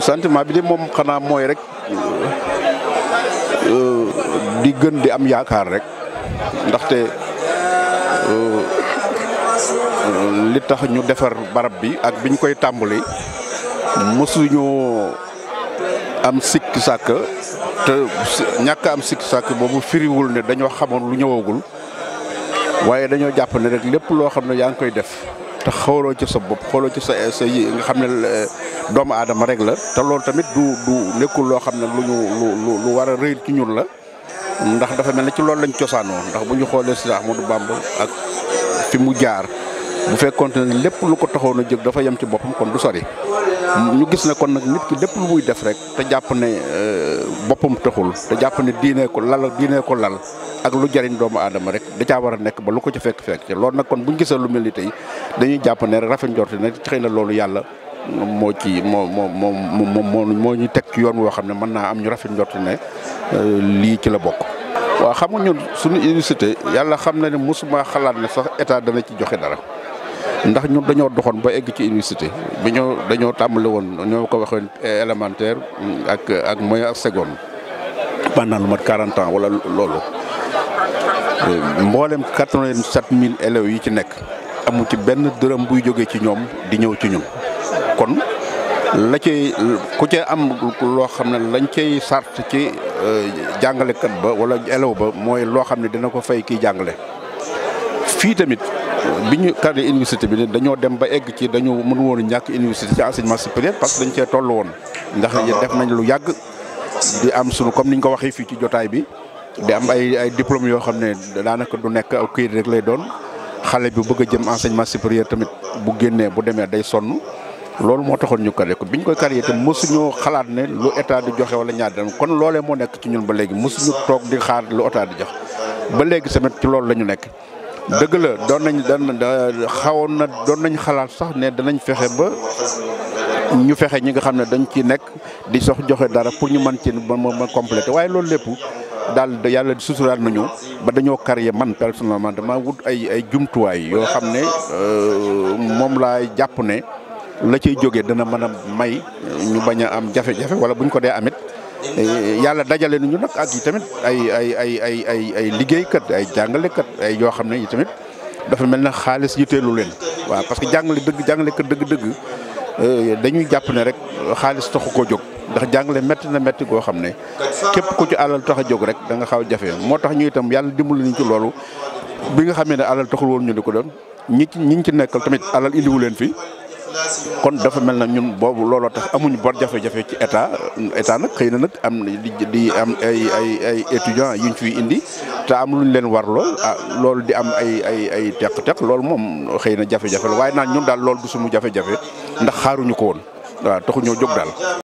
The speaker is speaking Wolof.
sentiment bi di moom xanaa mooy rek euh, di gën di am yaakaar rek ndaxte euh, li tax ñu defar barab bi ak biñ koy tàmbali mësuñu am sikk sàkk te ñàkk am sikk sàkk boobu firiwul ne dañoo xamoon lu ñëwagul waaye dañoo jàpp ne rek lépp loo xam ne yaa ngi koy def te xooloo ci sa bopp xooloo ci sa sa yi nga xam ne eh, doomu aadama rek la te loolu tamit du du nekkul loo xam ne lu ñu lu lu war a rëy ci ñun la ndax dafa mel ne ci loolu lañ cosaanoo ndax bu ñu xoolee si du Bamba ak fi mu jaar bu fekkoonte ne lépp lu ko taxoon a jóg dafa yem ci boppam kon du sori. ñu gis na kon nag nit ki lépp lu muy def rek te jàpp ne euh, boppam taxul te jàpp ne diinee ko lal diinee ko lal ak lu jariñ doomu aadama rek da caa war a nekk ba lu ko ci fekk fekk ci loolu nag kon buñ gisee lu mel ni tey dañuy jàpp ne rafet njorti nag xëy na loolu yàlla moo ci moo moo moo moo moo ñu teg ci yoon woo xam ne mën naa am ñu rafet ne euh, lii ci la bokk. waaw xam nga ñun suñu yàlla xam na ne mosuma xalaat ne sax état dana ci joxe dara. ndax ñun dañoo doxoon ba egg ci université bi ñoo dañoo tàmbali woon ñoo ko waxee élémentaire ak ak moyen ak seconde pendant lu mat 40 ans wala loolu mboolem mille élèves yi ci nekk amu ci benn dërëm buy jógee ci ñoom di ñëw ci ñun kon la ci ku ca am loo xam ne lañ cay sart ci euh, jàngalekat ba wala élève ba mooy loo xam ne dina ko fay kiy jàngale fii tamit bi ñu créé université bi dañoo dem ba egg ci dañu mën woon ñàkk université ci enseignement supérieur parce que dañ cee toll woon. ndax def nañ lu yàgg di am sunu comme ni ñu ko waxee fii ci jotaay bi di am ay ay diplôme yoo xam ne daanaka du nekk aw këyit rek lay doon xale bi bëgg a jëm enseignement supérieur tamit bu génnee bu demee day sonn. loolu moo taxoon ñu créé ko bi ñu koy créé itam mosuñu xalaat ne lu état di joxe wala ñaar dam kon loolee moo nekk ci ñun ba léegi mosuñu toog di xaar lu état di jox ba léegi tamit ci loolu la ñu nekk. dëgg la doon nañ daan xawoon na doon nañ xalaat sax ne danañ fexe ba ñu fexe ñi nga xam ne dañ ci nekk di sox joxe dara pour ñu mën ci ma ma complété waaye loolu lépp daal yàlla suturaat nañu ba dañoo carrière man man dama wut ay ay jumtuwaay yoo xam ne euh, moom laa jàpp ne la ciy jóge dana mën a may ñu bañ a am jafe-jafe wala buñ ko dee amit yàlla dajale nañu nag ak yi tamit ay ay ay ay ay ay liggéeykat ay jàngalekat ay yoo xam ne yi tamit dafa mel na xaalis yitteelu leen waaw parce que jàngale dëgg jàngalekat dëgg-dëgg euh, dañuy jàpp ne rek xaalis taxu koo jóg ndax jàngale métti na métti goo xam ne képp ku ci alal tax a jóg rek da nga xaw jafe moo tax ñu itam yàlla dimbali ñu ci loolu bi nga xamee ne alal taxul woon ñu di ko doon ñi ci ñi ci nekkal tamit alal indiwu leen fi kon dafa mel na ñun boobu looloo tax amuñu bor jafe-jafe ci état état nag xëy na nag am di am ay ay ay étudiants yuñ fiy indi te am luñ leen warloo ah loolu di am ay ay ay teq-teq loolu moom xëy na jafe-jafe waaye naa ñun daal loolu du sumu jafe-jafe ndax xaaruñu ko woon waaw taxuñoo jóg daal.